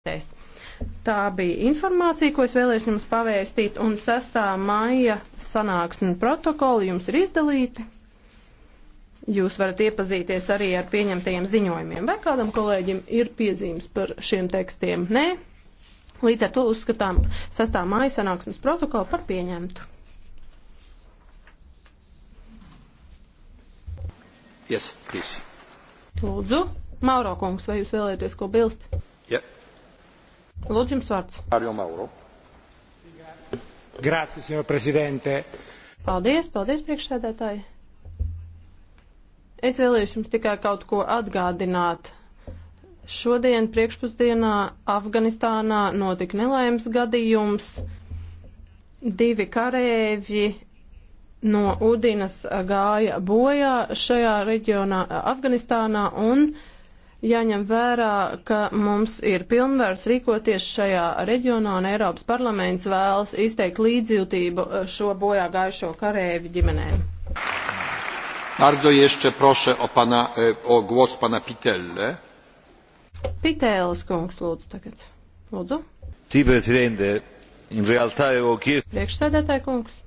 debatēs. Tā bija informācija, ko es vēlēšu jums pavēstīt, un 6. maija sanāksmi protokoli jums ir izdalīti. Jūs varat iepazīties arī ar pieņemtajiem ziņojumiem. Vai kādam kolēģim ir piezīmes par šiem tekstiem? Nē. Līdz ar to uzskatām 6. māja sanāksmes protokolu par pieņemtu. Yes, please. Lūdzu, Mauro kungs, vai jūs vēlēties ko bilst? Lūdzu, jums vārds. Mario Mauro. Grācis, jau prezidente. Paldies, paldies, priekšsēdētāji. Es vēlējos jums tikai kaut ko atgādināt. Šodien priekšpusdienā Afganistānā notika nelaimes gadījums. Divi karēvji no Udinas gāja bojā šajā reģionā Afganistānā un uh, Jāņem vērā, ka mums ir pilnvērs rīkoties šajā reģionā un Eiropas parlaments vēlas izteikt līdzjūtību eh, šo bojā gājušo karēvi ģimenēm. Bardzo jeszcze proszę o, pana, e, o głos pana Pitelle. Pitēlis kungs lūdzu tagad. Lūdzu. Sì, Presidente, in realtà avevo chiesto... Priekšsēdētāji kungs.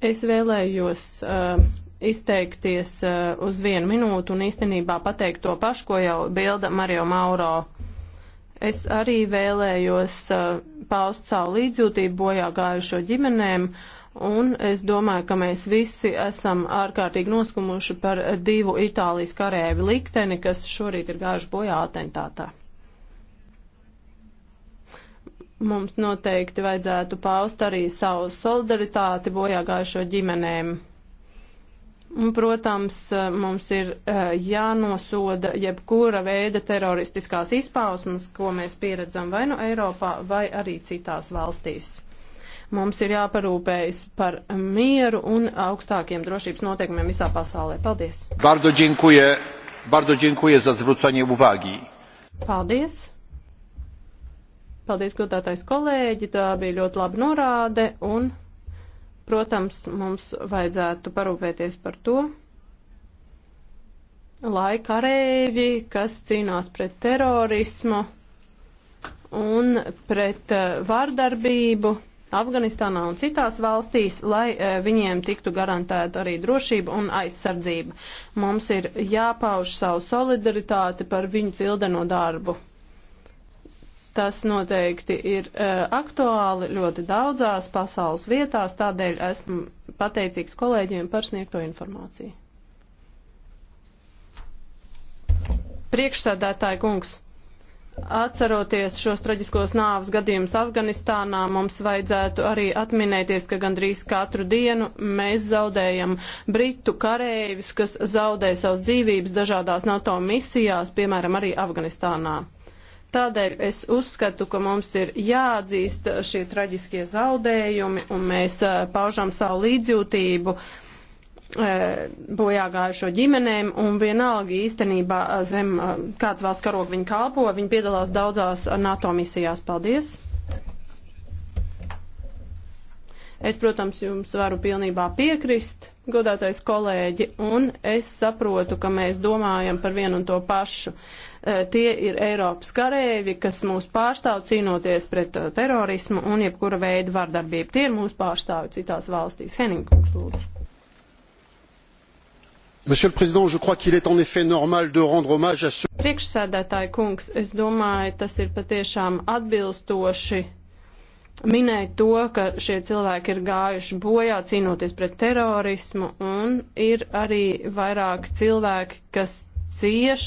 Es vēlējos uh, izteikties eh, uz vienu minūtu un īstenībā pateikt to pašu, ko jau bilda Mario Mauro. Es arī vēlējos eh, paust savu līdzjūtību bojā gājušo ģimenēm. Un es domāju, ka mēs visi esam ārkārtīgi noskumuši par divu Itālijas karēvi likteni, kas šorīt ir gājuši bojā atentātā. Mums noteikti vajadzētu paust arī savu solidaritāti bojā gājušo ģimenēm. Un, protams, mums ir eh, jānosoda jebkura veida teroristiskās izpausmas, ko mēs pieredzam vai nu no Eiropā, vai arī citās valstīs. Mums ir jāparūpējas par mieru un augstākiem drošības noteikumiem visā pasaulē. Paldies! Bardzo dziękuję, bardzo dziękuję za zwrócenie uwagi. Paldies! Paldies, godātais kolēģi, tā bija ļoti laba norāde un. Protams, mums vajadzētu parūpēties par to, lai karēģi, kas cīnās pret terorismu un pret eh, vardarbību Afganistānā un citās valstīs, lai eh, viņiem tiktu garantēta arī drošība un aizsardzība. Mums ir jāpauž savu solidaritāti par viņu cildeno darbu. Tas noteikti ir uh, aktuāli ļoti daudzās pasaules vietās, tādēļ esmu pateicīgs kolēģiem par sniegto informāciju. Priekšsēdētāji kungs, atceroties šos traģiskos nāvas gadījumus Afganistānā, mums vajadzētu arī atminēties, ka gandrīz katru dienu mēs zaudējam britu karēvis, kas zaudē savas dzīvības dažādās NATO misijās, piemēram, arī Afganistānā. Tādēļ es uzskatu, ka mums ir jāatzīst šie traģiskie zaudējumi un mēs uh, paužam savu līdzjūtību eh, bojā gājušo ģimenēm, un vienalga īstenībā eh, zem kāds valsts karog viņi kalpo, viņi piedalās daudzās NATO misijās. Paldies! Es, protams, jums varu pilnībā piekrist, godātais kolēģi, un es saprotu, ka mēs domājam par vienu un to pašu. E, tie ir Eiropas karēvi, kas mūs pārstāv cīnoties pret e, terorismu un jebkura veida vardarbību. Tie ir mūsu pārstāvi citās valstīs. Heningkungs, lūdzu. Monsieur le Président, je crois qu'il est en effet normal de rendre hommage à ceux. Priekšsēdētāji kungs, es domāju, tas ir patiešām atbilstoši minēja to, ka šie cilvēki ir gājuši bojā cīnoties pret terorismu, un ir arī vairāk cilvēki, kas cieš,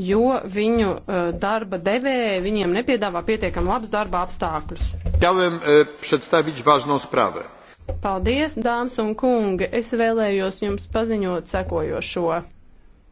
jo viņu uh, darba devēja viņiem nepiedāvā pietiekam labus darba apstākļus. Chciałem uh, przedstawić ważną sprawę. Paldies, dāmas un kungi! Es vēlējos jums paziņot sekojošo.